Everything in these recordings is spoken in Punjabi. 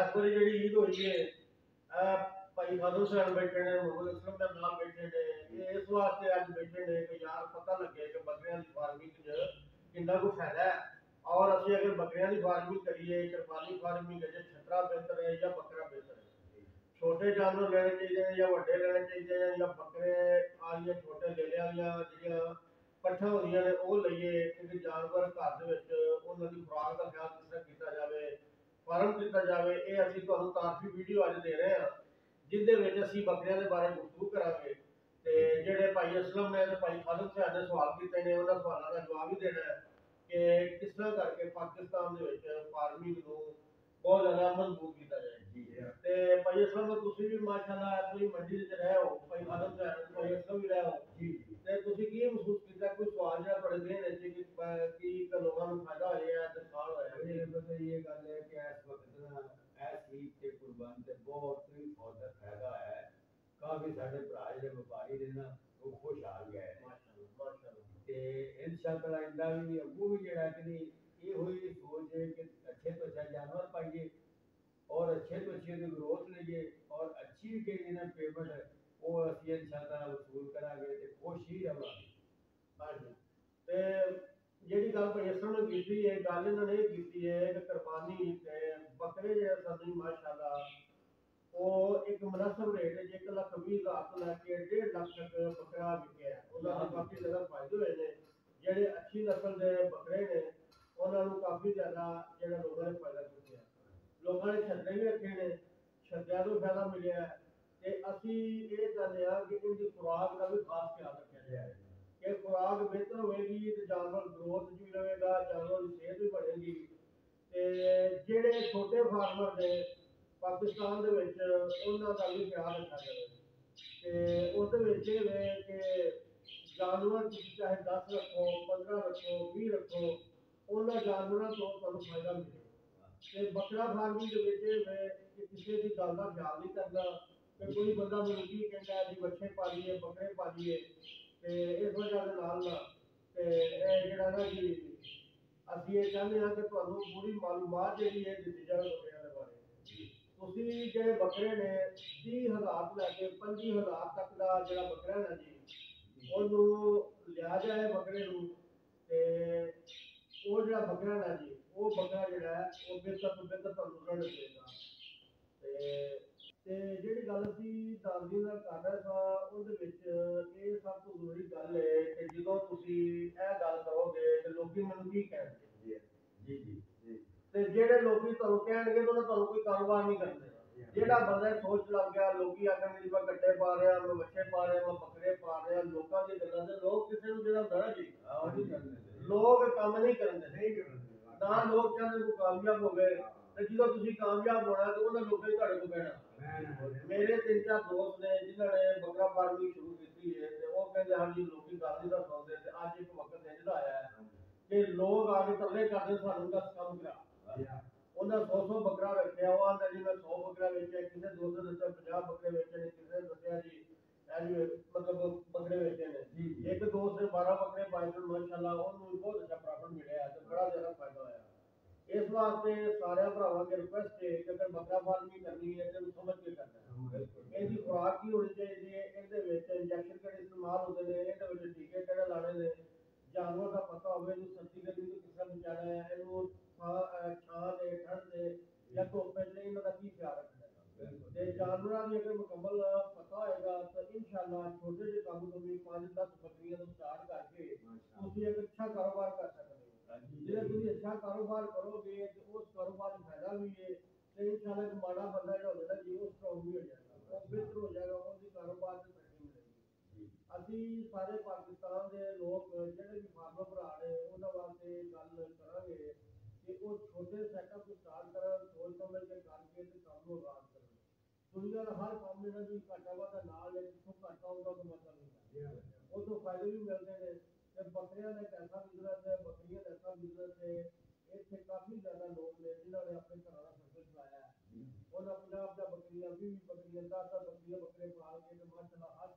ਐਸ ਵਾਰੀ ਜਿਹੜੀ ਈਦ ਹੋਈ ਹੈ ਆ ਭਾਈ ਫਾਦਰ ਸਾਹਿਬ ਬੈਠੇ ਨੇ ਮੁਹੰਮਦ ਅਸਲਮ ਦਾ ਨਾਮ ਬੈਠੇ ਨੇ ਇਸ ਵਾਸਤੇ ਅੱਜ ਬੈਠੇ ਨੇ ਕਿ ਯਾਰ ਪਤਾ ਲੱਗੇ ਕਿ ਬੱਕਰੀਆਂ ਦੀ ਫਾਰਮਿੰਗ 'ਚ ਕਿੰਨਾ ਕੁ ਫਾਇਦਾ ਹੈ ਔਰ ਅਸੀਂ ਅਗਰ ਬੱਕਰੀਆਂ ਦੀ ਫਾਰਮਿੰਗ ਕਰੀਏ ਕਿਰਪਾਲੀ ਫਾਰਮਿੰਗ ਹੈ ਛਤਰਾ ਬਿਹਤਰ ਹੈ ਜਾਂ ਬੱਕਰਾ ਬਿਹਤਰ ਹੈ ਛੋਟੇ ਜਾਨਵਰ ਲੈਣੇ ਚਾਹੀਦੇ ਨੇ ਜਾਂ ਵੱਡੇ ਲੈਣੇ ਚਾਹੀਦੇ ਨੇ ਜਾਂ ਬੱਕਰੇ ਆਲੀਆਂ ਛੋਟੇ ਲੈ ਲਿਆ ਜਾਂ ਜਿਹੜੀਆਂ ਪੱਠਾ ਹੁੰਦੀਆਂ ਨੇ ਉਹ ਲਈਏ ਕਿਉਂਕਿ ਜਾਨਵਰ ਘਰ ਦੇ ਵਿੱਚ ਉਹਨਾਂ ਦੀ ਖੁਰਾਕ ਦਾ ਖਿਆਲ ਕਿਸ ਤਰ੍ਹਾਂ ਕੀਤਾ ਜਾਵੇ فارم دیتا جاوے اے اسی تو ہم تارفی ویڈیو آج دے رہے ہیں جن دے میں جسی بکریاں دے بارے گفتگو کرا کے تے جڑے پائی اسلم نے تے پائی خالد سے آنے سوال کی تے نے انہاں سوالہ دا جواب ہی دینا ہے کہ کس طرح کر کے پاکستان دے ویچے فارمی کو بہت زیادہ مضبوط کیتا جائے تے پائی اسلم نے تسی بھی ماشاءاللہ اپنی مسجد وچ رہے ہو پائی خالد سے آنے پائی اسلم بھی رہے ہو تے تسی کی محسوس کیتا کوئی سوال جڑا پڑے دے نے کہ کی کلوہاں نو فائدہ اس وقت اس عید کے قربان تے بہت ہی بہت فائدہ ہے کافی سارے بھرا جڑے وپاری دے نا وہ خوش آ گئے ماشاءاللہ ماشاءاللہ تے انشاءاللہ ایندا بھی ابو بھی جڑا کہ یہ ہوئی سوچ ہے کہ اچھے تو اچھا جانور پائیے اور اچھے تو اچھے دی گروتھ لئیے اور اچھی کے انہاں پیمنٹ وہ اسی انشاءاللہ وصول کرا گے تے خوش ہی رہا ماشاءاللہ تے جیڑی گل پریسر نے کیتی ہے گل انہوں نے کیتی ہے کہ قربانی تے بکرے جے اساں نہیں ماشاءاللہ او ایک مناسب ریٹ ہے 1 لاکھ 20 ہزار تو لے کے 1.5 لاکھ تک بکرا بکیا ہے او دا کافی زیادہ فائدہ ہوئے نے جڑے اچھی نسل دے بکرے نے انہاں نوں کافی زیادہ جڑا لوگاں نے فائدہ کیتا ہے لوگاں نے چھتے بھی رکھے نے چھتیاں تو فائدہ ملیا ہے تے اسی یہ چاہندے ہاں کہ ان دی خوراک دا بھی خاص خیال رکھا جائے ਕਿ ਖੁਰਾਕ ਬਿਹਤਰ ਹੋਏਗੀ ਤੇ ਜਾਨਵਰ ਗਰੋਥ ਵੀ ਰਹੇਗਾ ਜਾਨਵਰ ਦੀ ਸਿਹਤ ਵੀ ਬਣੇਗੀ ਤੇ ਜਿਹੜੇ ਛੋਟੇ ਫਾਰਮਰ ਦੇ ਪਾਕਿਸਤਾਨ ਦੇ ਵਿੱਚ ਉਹਨਾਂ ਦਾ ਵੀ ਖਿਆਲ ਰੱਖਿਆ ਜਾਵੇ ਤੇ ਉਸ ਦੇ ਵਿੱਚ ਇਹ ਵੇ ਕਿ ਜਾਨਵਰ ਤੁਸੀਂ ਚਾਹੇ 10 ਰੱਖੋ 15 ਰੱਖੋ 20 ਰੱਖੋ ਉਹਨਾਂ ਜਾਨਵਰਾਂ ਤੋਂ ਤੁਹਾਨੂੰ ਫਾਇਦਾ ਮਿਲੇ ਤੇ ਬੱਕਰਾ ਫਾਰਮਿੰਗ ਦੇ ਵਿੱਚ ਇਹ ਵੇ ਕਿ ਕਿਸੇ ਦੀ ਗੱਲ ਦਾ ਖਿਆਲ ਨਹੀਂ ਕਰਦਾ ਕਿ ਕੋਈ ਬੰਦਾ ਮੈਨੂੰ ਕੀ ਕਹਿੰਦਾ ਜੀ ਬੱਚੇ ਪਾਲੀਏ ਬੱਕਰੇ ਪਾਲੀਏ ਤੇ ਇਸ ਵਜ੍ਹਾ ਦੇ ਨਾਲ ਤੇ ਇਹ ਜਿਹੜਾ ਨਾ ਜੀ ਅਸੀਂ ਇਹ ਚਾਹੁੰਦੇ ਹਾਂ ਕਿ ਤੁਹਾਨੂੰ ਪੂਰੀ ਮਾਲੂਮਾਤ ਜਿਹੜੀ ਹੈ ਦਿੱਤੀ ਜਾਵੇ ਬੱਕਰੀਆਂ ਦੇ ਬਾਰੇ ਤੁਸੀਂ ਜਿਹੜੇ ਬੱਕਰੇ ਨੇ 30000 ਤੋਂ ਲੈ ਕੇ 25000 ਤੱਕ ਦਾ ਜਿਹੜਾ ਬੱਕਰਾ ਹੈ ਜੀ ਉਹਨੂੰ ਲਿਆ ਜਾਏ ਬੱਕਰੇ ਨੂੰ ਤੇ ਉਹ ਜਿਹੜਾ ਬੱਕਰਾ ਹੈ ਜੀ ਉਹ ਬੱਕਰਾ ਜਿਹੜਾ ਉਹ ਬਿੱਤਰ ਤੋਂ ਬਿਹਤਰ ਤੁਹਾਨੂੰ ਰਣ ਦੇਗਾ ਤੇ ਤੇ ਜਿਹੜੀ ਗੱਲ ਸੀ ਦਾਦੀ ਦਾ ਕਰ ਸਾ ਉਹਦੇ ਵਿੱਚ ਇਹ ਸਭ ਤੋਂ ਤੁਸੀਂ ਇਹ ਗੱਲ ਕਰੋਗੇ ਤੇ ਲੋਕੀ ਮੈਨੂੰ ਕੀ ਕਹਿਣਗੇ ਜੀ ਜੀ ਤੇ ਜਿਹੜੇ ਲੋਕੀ ਤੁਹਾਨੂੰ ਕਹਿਣਗੇ ਉਹਨਾਂ ਤੁਹਾਨੂੰ ਕੋਈ ਕਾਰੋਬਾਰ ਨਹੀਂ ਕਰਦੇ ਜਿਹੜਾ ਬੰਦਾ ਸੋਚ ਲੱਗ ਗਿਆ ਲੋਕੀ ਆਖਣ ਮੇਰੀ ਮੈਂ ਗੱਡੇ ਪਾ ਰਿਆ ਮੈਂ ਬੱਚੇ ਪਾ ਰਿਆ ਮੈਂ ਬੱਕਰੇ ਪਾ ਰਿਆ ਲੋਕਾਂ ਦੀ ਗੱਲਾਂ ਤੇ ਲੋਕ ਕਿਸੇ ਨੂੰ ਜਿਹੜਾ ਹੁੰਦਾ ਜੀ ਲੋਕ ਕੰਮ ਨਹੀਂ ਕਰਦੇ ਨਹੀਂ ਕਰਦੇ ਨਾ ਲੋਕ ਕਹਿੰਦੇ ਕੋ ਕਾਮਯਾਬ ਹੋ ਗਏ ਤੇ ਜਦੋਂ ਤੁਸੀਂ ਕਾਮਯਾਬ ਹੋਣਾ ਤੇ ਉਹਨਾਂ ਲੋਕਾਂ ਹੀ ਤੁਹਾਡੇ ਕੋਲ ਬਹਿਣਾ ਮੇਰੇ ਤਿੰਨ ਚਾਰ ਦੋਸਤ ਨੇ ਜਿਨ੍ਹਾਂ ਨੇ ਬੱਕਰਾ ਪਾਲਣੀ ਸ਼ੁਰੂ ਕੀਤੀ ਹੈ ਤੇ ਉਹ ਕਹਿੰਦੇ ਹਾਂ ਜੀ ਲੋਕੀ ਗੱਲ ਨਹੀਂ ਦਾ ਸੁਣਦੇ ਕਿ ਲੋਕ ਆ ਕੇ ਤਰਲੇ ਕਰਦੇ ਸਾਨੂੰ ਦਾ ਕੰਮ ਕਰਾ ਉਹਦਾ 200 ਬੱਕਰਾ ਵੇਚਿਆ ਉਹ ਆਂਦਾ ਜੀ 100 ਬੱਕਰਾ ਵੇਚਿਆ ਕਿਸੇ ਦੋਸਤ ਨੇ 50 ਬੱਕਰੇ ਵੇਚੇ ਨੇ ਕਿਸੇ ਨੇ ਦੱਸਿਆ ਜੀ ਐਜੀ ਮਤਲਬ ਬੱਕਰੇ ਵੇਚੇ ਨੇ ਜੀ ਇੱਕ ਦੋਸਤ ਨੇ 12 ਬੱਕਰੇ ਪਾਏ ਤੇ ਮਾਸ਼ਾਅੱਲਾ ਉਹਨੂੰ ਬਹੁਤ ਅੱਛਾ ਪ੍ਰੋਫਿਟ ਮਿਲਿਆ ਤੇ ਬੜਾ ਜ਼ਿਆਦਾ ਫਾਇਦਾ ਹੋਇਆ ਇਸ ਵਾਸਤੇ ਸਾਰਿਆਂ ਭਰਾਵਾਂ ਦੇ ਰਿਕਵੈਸਟ ਹੈ ਕਿ ਅਗਰ ਬੱਕਰਾ ਫਾਰਮਿੰਗ ਕਰਨੀ ਹੈ ਤੇ ਸਮਝ ਕੇ ਕਰਨਾ ਇਹਦੀ ਖੁਰਾਕ ਕੀ ਹੋਣੀ ਚਾਹੀਦੀ ਹੈ ਇਹਦੇ ਵਿੱਚ ਇੰਜੈਕਸ਼ਨ ਕਿਹੜੇ ਇਸਤੇਮਾਲ ਹੁੰਦੇ ਨੇ ਇਹਦੇ ਵਿੱਚ ਟੀਕੇ ਕਿਹੜੇ ਲਾਣੇ ਨੇ جانور کا پتا ہوئے تو سردی گرمی تو کس کا بچارا ہے وہ چھا دے ٹھنڈ دے یا تو پھر نہیں مطلب کی خیال رکھنا تے جانور دی اگر مکمل پتا ہے گا تو انشاءاللہ چھوٹے جے کام تو بھی پانچ دس بکریاں تو چار کر کے تسی ایک اچھا کاروبار کر سکدے ہو جے تسی اچھا کاروبار کرو گے تے اس کاروبار فائدہ بھی ہے ਅਸੀਂ ਸਾਰੇ ਪਾਕਿਸਤਾਨ ਦੇ ਲੋਕ ਜਿਹੜੇ ਵੀ ਮਾਨਵ ਭਰਾ ਨੇ ਉਹਨਾਂ ਵਾਸਤੇ ਗੱਲ ਕਰਾਂਗੇ ਕਿ ਉਹ ਛੋਟੇ ਸੈਟਅਪ ਸਟਾਰਟ ਕਰਨ ਸੋਚ ਸਮਝ ਕੇ ਕਰਕੇ ਤੇ ਕੰਮ ਨੂੰ ਰਾਜ ਕਰਨ ਦੁਨੀਆ ਦਾ ਹਰ ਕੰਮ ਇਹਨਾਂ ਦੀ ਘਾਟਾ ਵਾਧਾ ਨਾਲ ਹੈ ਜਿੱਥੋਂ ਘਾਟਾ ਹੁੰਦਾ ਤੋਂ ਮਤਲਬ ਨਹੀਂ ਉਹ ਤੋਂ ਫਾਇਦੇ ਵੀ ਮਿਲਦੇ ਨੇ ਤੇ ਬੱਕਰੀਆਂ ਦਾ ਪੈਸਾ ਬਿਜ਼ਨਸ ਹੈ ਬੱਕਰੀਆਂ ਦਾ ਪੈਸਾ ਬਿਜ਼ਨਸ ਤੇ ਇੱਥੇ ਕਾਫੀ ਜ਼ਿਆਦਾ ਲੋਕ ਨੇ ਜਿਨ੍ਹਾਂ ਨੇ ਆਪਣੇ ਘਰਾਂ ਦਾ ਸਰਕਲ ਚਲਾਇਆ ਉਹਨਾਂ ਪੰਜਾਬ ਦਾ ਬੱਕਰੀਆਂ ਵੀ ਵੀ ਬੱਕਰੀਆਂ ਦਾ ਬੱਕਰੀਆਂ ਬੱਕਰੇ ਪਾਲ ਕੇ ਤੇ ਮਾਸ਼ਾਅੱਲਾ ਹਰ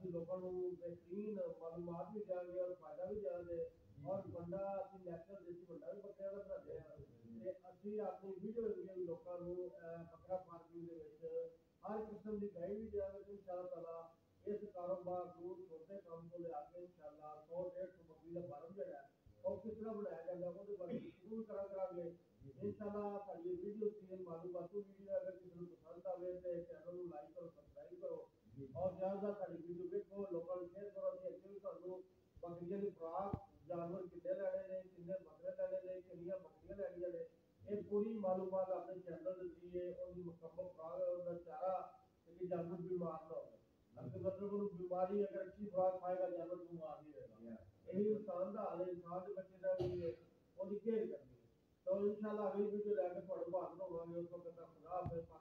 ਅਸੀਂ ਲੋਕਾਂ ਨੂੰ ਬਿਹਤਰੀਨ ਮਾਲੂਮਾਤ ਵੀ ਦਿਆਂਗੇ ਔਰ ਫਾਇਦਾ ਵੀ ਦਿਆਂਗੇ ਔਰ ਬੰਦਾ ਅਸੀਂ ਨੈਸ਼ਨਲ ਦੇਸੀ ਬੰਦਾ ਵੀ ਬੱਕਰਿਆਂ ਦਾ ਬਣਾਉਂਦੇ ਆ ਤੇ ਅਸੀਂ ਆਪਣੀ ਵੀਡੀਓ ਵੀ ਲੋਕਾਂ ਨੂੰ ਬੱਕਰਾ ਫਾਰਮਿੰਗ ਦੇ ਵਿੱਚ ਹਰ ਕਿਸਮ ਦੀ ਗਾਈ ਵੀ ਦਿਆਂਗੇ ਤੇ ਇਨਸ਼ਾ ਅੱਲਾਹ ਇਸ ਕਾਰੋਬਾਰ ਨੂੰ ਛੋਟੇ ਕੰਮ ਤੋਂ ਲਿਆ ਕੇ ਇਨਸ਼ਾ ਅੱਲਾਹ 100 150 ਬੱਕਰੀ ਦਾ ਫਾਰਮ ਜਿਹੜਾ ਉਹ ਕਿਸ ਤਰ੍ਹਾਂ ਬਣਾਇਆ ਜਾਂਦਾ ਉਹਦੇ ਬਾਰੇ ਜ਼ਰੂਰ ਕਰਾਂ ਕਰਾਂਗੇ ਇਨਸ਼ਾ ਅੱਲਾਹ ਸਾਡੀ ਵੀਡੀਓ ਸੀ ਮਾਲੂਮਾਤੀ ਵੀਡੀਓ ਅਗਰ ਕਿਸੇ ਨੂੰ ਪਸੰਦ ਆਵੇ ਤੇ ਚੈਨਲ ਨੂੰ ਲਾਈਕ ਔਰ ਸਬਸਕ੍ਰਾਈਬ ਕਰੋ اور زیادہ تر ویڈیو دیکھو لوکل شیئر کرو دی ایکٹیو کر دو بکریاں دی خوراک جانور کتے لے رہے ہیں کنے بکرے لے رہے ہیں کنیا بکریاں لے رہی ہیں یہ پوری معلومات اپنے چینل دے دیے اور مکمل خوراک اور چارہ کہ جانور بیمار نہ ہو اگر بچوں کو بیماری اگر اچھی خوراک کھائے گا جانور بیمار نہیں رہے گا یہی انسان دا حال ہے انسان دے بچے دا وی ہے اور کیئر کرنی ہے تو انشاءاللہ اگلی ویڈیو لے کے پڑھو بات نہ ہو گے اس وقت تک خدا حافظ